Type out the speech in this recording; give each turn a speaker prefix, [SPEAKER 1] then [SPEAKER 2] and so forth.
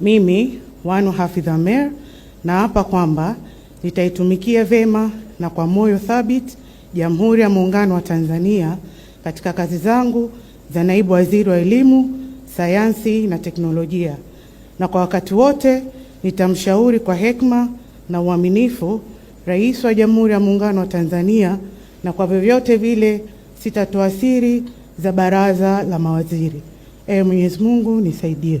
[SPEAKER 1] Mimi Wanu Hafidh na naapa kwamba nitaitumikia vema na kwa moyo thabiti Jamhuri ya Muungano wa Tanzania katika kazi zangu za naibu waziri wa elimu, sayansi na teknolojia, na kwa wakati wote nitamshauri kwa hekima na uaminifu Rais wa Jamhuri ya Muungano wa Tanzania, na kwa vyovyote vile sitatoa siri za baraza la mawaziri. Ee Mwenyezi Mungu nisaidie.